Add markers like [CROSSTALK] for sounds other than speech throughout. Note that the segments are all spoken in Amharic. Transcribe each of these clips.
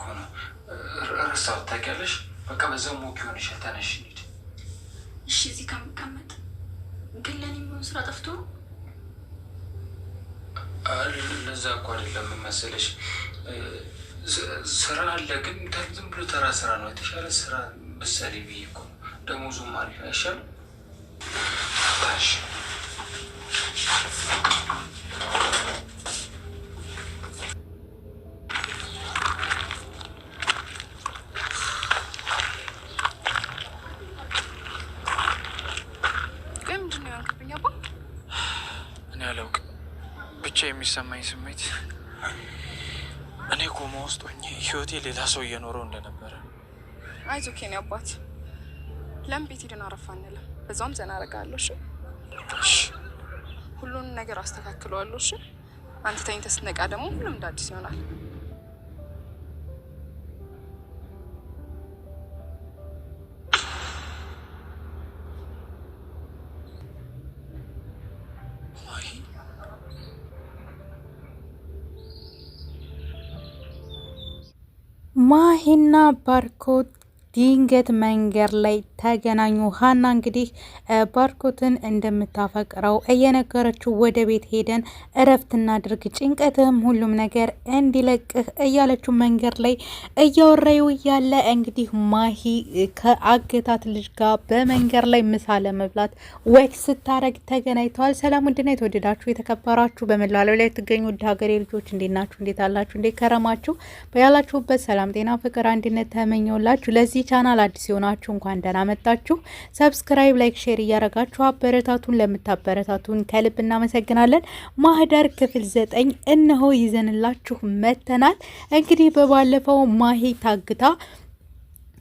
እኮ ነው ረሳሁት። ታውቂያለሽ፣ በቃ በዛው ሞክ ይሆንሻል። ተነሽ እንሂድ። እሺ፣ እዚህ ከምቀመጥ ግን ለእኔ የሚሆን ስራ ጠፍቶ ነው። ለዛ እኮ አይደለም መሰለሽ፣ ስራ አለ፣ ግን ዝም ብሎ ተራ ስራ ነው። የተሻለ ስራ ምሳሌ ብዬ እኮ ነው። ደሞዙም አሪፍ አይሻልም? እኔ አላውቅም። ብቻ የሚሰማኝ ስሜት እኔ ኮማ ውስጥ ሆኜ ህይወቴ ሌላ ሰው እየኖረው እንደነበረ። አይዞህ የኔ አባት፣ ለም ቤት ሄደን አረፋ አንልም። በዛውም ዘና አደርግሃለሁ። እሺ፣ ሁሉንም ነገር አስተካክለዋለሁ። እሺ፣ አንተ ተኝተህ ስትነቃ ደግሞ ሁሉም እንደ አዲስ ይሆናል። ማሂና ባርኮት ድንገት መንገድ ላይ ተገናኙ። ሀና እንግዲህ ባርኮትን እንደምታፈቅረው እየነገረችው ወደ ቤት ሄደን እረፍት እናድርግ፣ ጭንቀትህም ሁሉም ነገር እንዲለቅህ እያለችው መንገድ ላይ እያወራዩ እያለ እንግዲህ ማሂ ከአገታት ልጅ ጋር በመንገድ ላይ ምሳ ለመብላት ወክ ስታረግ ተገናኝተዋል። ሰላም ውድና የተወደዳችሁ የተከበራችሁ በመላለው ላይ የትገኙ ውድ ሀገሬ ልጆች እንዴት ናችሁ? እንዴት አላችሁ? እንዴት ከረማችሁ? በያላችሁበት ሰላም፣ ጤና፣ ፍቅር፣ አንድነት ተመኘውላችሁ። ለዚህ ቻናል አዲስ የሆናችሁ እንኳን ደህና ስለመጣችሁ ሰብስክራይብ፣ ላይክ፣ ሼር እያረጋችሁ አበረታቱን። ለምታበረታቱን ከልብ እናመሰግናለን። ማህደር ክፍል ዘጠኝ እነሆ ይዘንላችሁ መተናል። እንግዲህ በባለፈው ማሄ ታግታ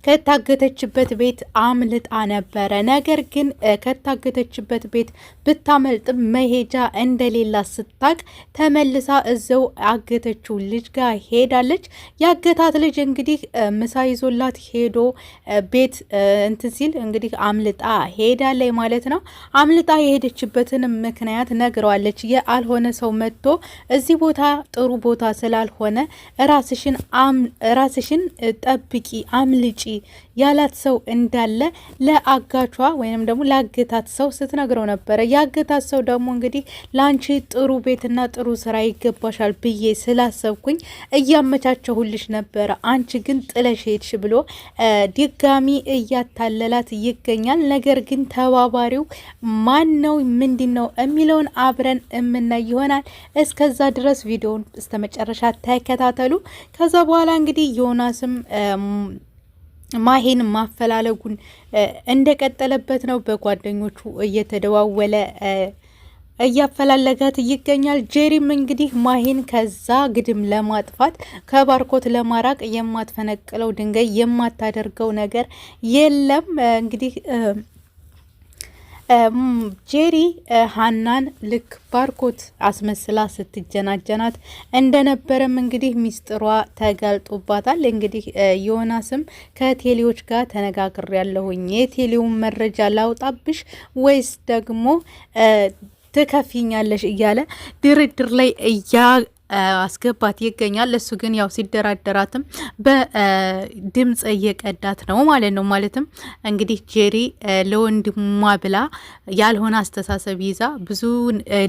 ከታገተችበት ቤት አምልጣ ነበረ። ነገር ግን ከታገተችበት ቤት ብታመልጥ መሄጃ እንደሌላ ስታቅ ተመልሳ እዘው አገተችው ልጅ ጋር ሄዳለች። ያገታት ልጅ እንግዲህ ምሳ ይዞላት ሄዶ ቤት እንትን ሲል እንግዲህ አምልጣ ሄዳለች ማለት ነው። አምልጣ የሄደችበትን ምክንያት ነግረዋለች። የአልሆነ ሰው መጥቶ እዚህ ቦታ ጥሩ ቦታ ስላልሆነ ራስሽን ጠብቂ አምልጪ ያላት ሰው እንዳለ ለአጋቿ ወይንም ደግሞ ለአገታት ሰው ስትነግረው ነበረ። ያገታት ሰው ደግሞ እንግዲህ ለአንቺ ጥሩ ቤትና ጥሩ ስራ ይገባሻል ብዬ ስላሰብኩኝ እያመቻቸሁልሽ ነበረ፣ አንቺ ግን ጥለሽ ሄድሽ ብሎ ድጋሚ እያታለላት ይገኛል። ነገር ግን ተባባሪው ማን ነው ምንድን ነው የሚለውን አብረን የምናይ ይሆናል። እስከዛ ድረስ ቪዲዮውን መጨረሻ ተከታተሉ። ከዛ በኋላ እንግዲህ ዮናስም ማሄን ማፈላለጉን እንደቀጠለበት ነው። በጓደኞቹ እየተደዋወለ እያፈላለጋት ይገኛል። ጄሪም እንግዲህ ማሄን ከዛ ግድም ለማጥፋት ከባርኮት ለማራቅ የማትፈነቅለው ድንጋይ የማታደርገው ነገር የለም እንግዲህ ጄሪ ሀናን ልክ ባርኮት አስመስላ ስትጀናጀናት እንደነበረም እንግዲህ ሚስጥሯ ተጋልጦባታል። እንግዲህ ዮናስም ከቴሌዎች ጋር ተነጋግር ያለሁኝ የቴሌውን መረጃ ላውጣብሽ ወይስ ደግሞ ትከፊኛለሽ እያለ ድርድር ላይ እያ አስገባት ይገኛል። እሱ ግን ያው ሲደራደራትም በድምፅ እየቀዳት ነው ማለት ነው። ማለትም እንግዲህ ጄሪ ለወንድሟ ብላ ያልሆነ አስተሳሰብ ይዛ ብዙ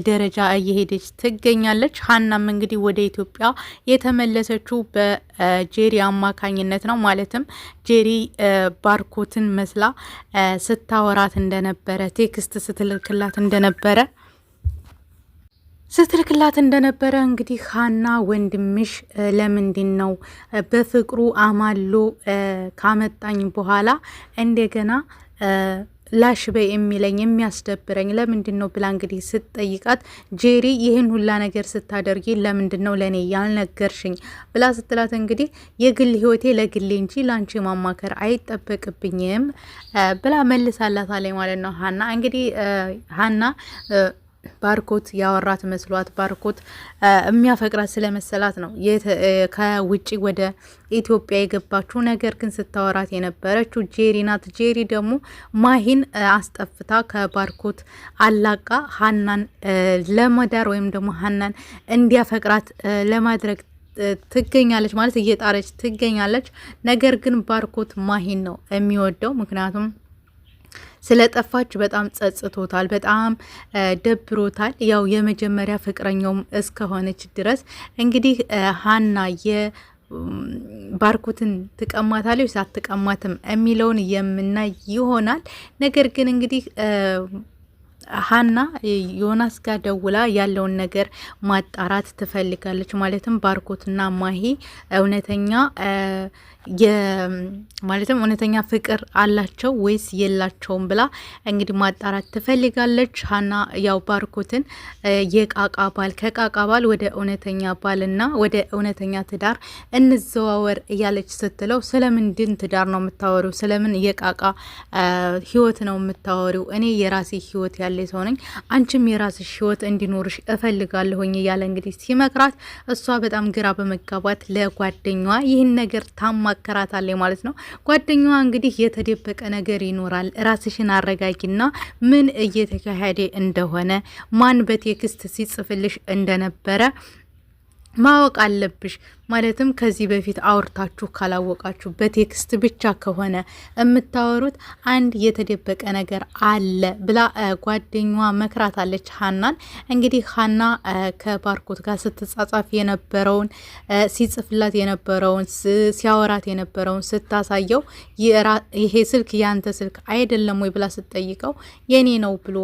ደረጃ እየሄደች ትገኛለች። ሀናም እንግዲህ ወደ ኢትዮጵያ የተመለሰችው በጄሪ አማካኝነት ነው። ማለትም ጄሪ ባርኮትን መስላ ስታወራት እንደነበረ ቴክስት ስትልክላት እንደነበረ ስትልክላት እንደነበረ እንግዲህ ሀና ወንድምሽ ለምንድን ነው በፍቅሩ አማሎ ካመጣኝ በኋላ እንደገና ላሽበ የሚለኝ የሚያስደብረኝ ለምንድን ነው ብላ እንግዲህ ስትጠይቃት ጄሪ ይህን ሁላ ነገር ስታደርጊ ለምንድን ነው ለእኔ ያልነገርሽኝ? ብላ ስትላት እንግዲህ የግል ህይወቴ ለግሌ እንጂ ለአንቺ ማማከር አይጠበቅብኝም ብላ መልሳላት አለኝ ማለት ነው ሀና እንግዲህ ሀና ባርኮት ያወራት መስሏት ባርኮት የሚያፈቅራት ስለመሰላት ነው ከውጭ ወደ ኢትዮጵያ የገባችው። ነገር ግን ስታወራት የነበረችው ጄሪ ናት። ጄሪ ደግሞ ማሂን አስጠፍታ ከባርኮት አላቃ ሀናን ለመዳር ወይም ደግሞ ሀናን እንዲያፈቅራት ለማድረግ ትገኛለች ማለት እየጣረች ትገኛለች። ነገር ግን ባርኮት ማሂን ነው የሚወደው ምክንያቱም ስለጠፋች በጣም ጸጽቶታል፣ በጣም ደብሮታል። ያው የመጀመሪያ ፍቅረኛውም እስከሆነች ድረስ እንግዲህ ሀና ባርኮትን ትቀማታለች ሳትቀማትም የሚለውን የምናይ ይሆናል። ነገር ግን እንግዲህ ሀና ዮናስ ጋር ደውላ ያለውን ነገር ማጣራት ትፈልጋለች። ማለትም ባርኮትና ማሂ እውነተኛ ማለትም እውነተኛ ፍቅር አላቸው ወይስ የላቸውም ብላ እንግዲህ ማጣራት ትፈልጋለች። ሀና ያው ባርኮትን የቃቃ ባል ከቃቃ ባል ወደ እውነተኛ ባልና ወደ እውነተኛ ትዳር እንዘዋወር እያለች ስትለው ስለምንድን ትዳር ነው የምታወሪው? ስለምን የቃቃ ህይወት ነው የምታወሪው? እኔ የራሴ ህይወት ያለ ያለ ሰው ነኝ፣ አንቺም የራስሽ ህይወት እንዲኖርሽ እፈልጋለሁኝ እያለ እንግዲህ ሲመክራት እሷ በጣም ግራ በመጋባት ለጓደኛዋ ይህን ነገር ታማከራታለች ማለት ነው። ጓደኛዋ እንግዲህ የተደበቀ ነገር ይኖራል፣ ራስሽን አረጋጊና ምን እየተካሄደ እንደሆነ ማን በቴክስት ሲጽፍልሽ እንደነበረ ማወቅ አለብሽ ማለትም ከዚህ በፊት አውርታችሁ ካላወቃችሁ በቴክስት ብቻ ከሆነ የምታወሩት አንድ የተደበቀ ነገር አለ ብላ ጓደኛዋ መክራታለች ሀናን። እንግዲህ ሀና ከባርኮት ጋር ስትጻጻፍ የነበረውን ሲጽፍላት የነበረውን ሲያወራት የነበረውን ስታሳየው ይሄ ስልክ ያንተ ስልክ አይደለም ወይ ብላ ስትጠይቀው የኔ ነው ብሎ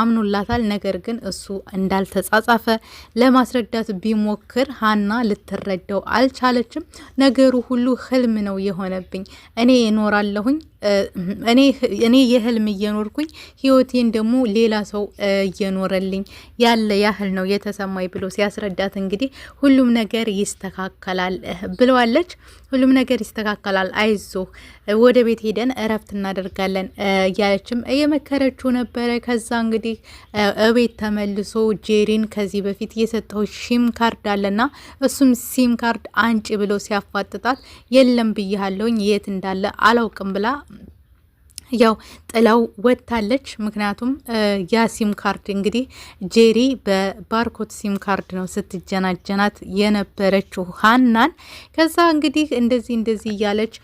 አምኑላታል። ነገር ግን እሱ እንዳልተጻጻፈ ለማስረዳት ቢሞክር ሀና ልትረዳው አልቻለችም። ነገሩ ሁሉ ህልም ነው የሆነብኝ። እኔ እኖራለሁኝ እኔ የህልም እየኖርኩኝ ህይወቴን ደግሞ ሌላ ሰው እየኖረልኝ ያለ ያህል ነው የተሰማኝ ብሎ ሲያስረዳት እንግዲህ ሁሉም ነገር ይስተካከላል ብለዋለች። ሁሉም ነገር ይስተካከላል፣ አይዞ ወደ ቤት ሄደን እረፍት እናደርጋለን እያለችም እየመከረችው ነበረ። ከዛ እንግዲህ እቤት ተመልሶ ጄሪን ከዚህ በፊት የሰጠው ሺም ካርድ አለና እሱም ሲም ካርድ አንጭ ብሎ ሲያፋጥጣት የለም ብያለሁኝ የት እንዳለ አላውቅም ብላ ያው ጥላው ወጥታለች። ምክንያቱም ያ ሲም ካርድ እንግዲህ ጄሪ በባርኮት ሲም ካርድ ነው ስትጀናጀናት የነበረችው ሀናን። ከዛ እንግዲህ እንደዚህ እንደዚህ እያለች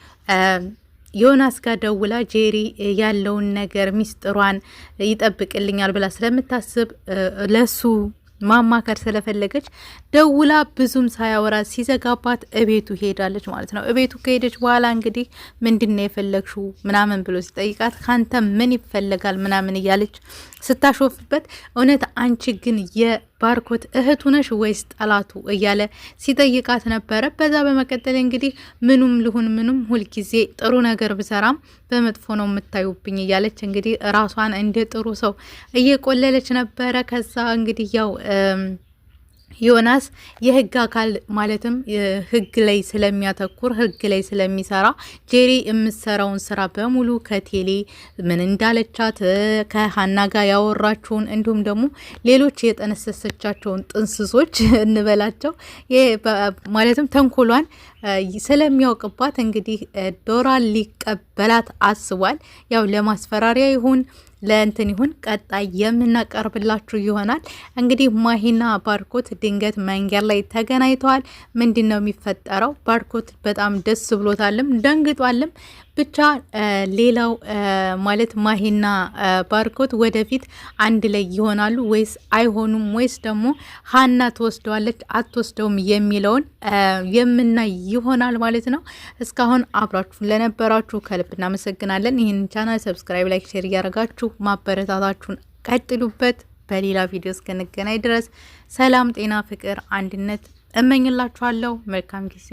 ዮናስ ጋር ደውላ ጄሪ ያለውን ነገር ሚስጥሯን ይጠብቅልኛል ብላ ስለምታስብ ለሱ ማማከር ስለፈለገች ደውላ ብዙም ሳያወራ ሲዘጋባት እቤቱ ሄዳለች ማለት ነው። እቤቱ ከሄደች በኋላ እንግዲህ ምንድን ነው ምናምን ብሎ ሲጠይቃት ካንተ ምን ይፈለጋል ምናምን እያለች ስታሾፍበት፣ እውነት አንቺ ግን ባርኮት እህቱ ነሽ ወይስ ጠላቱ እያለ ሲጠይቃት ነበረ። በዛ በመቀጠል እንግዲህ ምኑም ልሁን ምኑም ሁልጊዜ ጥሩ ነገር ብሰራም በመጥፎ ነው የምታዩብኝ እያለች እንግዲህ ራሷን እንደ ጥሩ ሰው እየቆለለች ነበረ። ከዛ እንግዲህ ያው ዮናስ የህግ አካል ማለትም ህግ ላይ ስለሚያተኩር ህግ ላይ ስለሚሰራ ጄሪ የምትሰራውን ስራ በሙሉ ከቴሌ ምን እንዳለቻት ከሀና ጋር ያወራችውን እንዲሁም ደግሞ ሌሎች የጠነሰሰቻቸውን ጥንስሶች [LAUGHS] እንበላቸው ማለትም ተንኮሏን ስለሚያውቅባት እንግዲህ ዶራ ሊቀበላት አስቧል። ያው ለማስፈራሪያ ይሁን ለእንትን ይሁን ቀጣይ የምናቀርብላችሁ ይሆናል። እንግዲህ ማሂና ባርኮት ድንገት መንገድ ላይ ተገናኝተዋል። ምንድን ነው የሚፈጠረው? ባርኮት በጣም ደስ ብሎታልም ደንግጧልም። ብቻ ሌላው ማለት ማሂና ባርኮት ወደፊት አንድ ላይ ይሆናሉ ወይስ አይሆኑም ወይስ ደግሞ ሀና ትወስደዋለች አትወስደውም የሚለውን የምናይ ይሆናል ማለት ነው። እስካሁን አብራችሁ ለነበራችሁ ከልብ እናመሰግናለን። ይህን ቻናል ሰብስክራይብ፣ ላይክ፣ ሼር እያደረጋችሁ ማበረታታችሁን ቀጥሉበት። በሌላ ቪዲዮ እስከንገናኝ ድረስ ሰላም፣ ጤና፣ ፍቅር፣ አንድነት እመኝላችኋለሁ። መልካም ጊዜ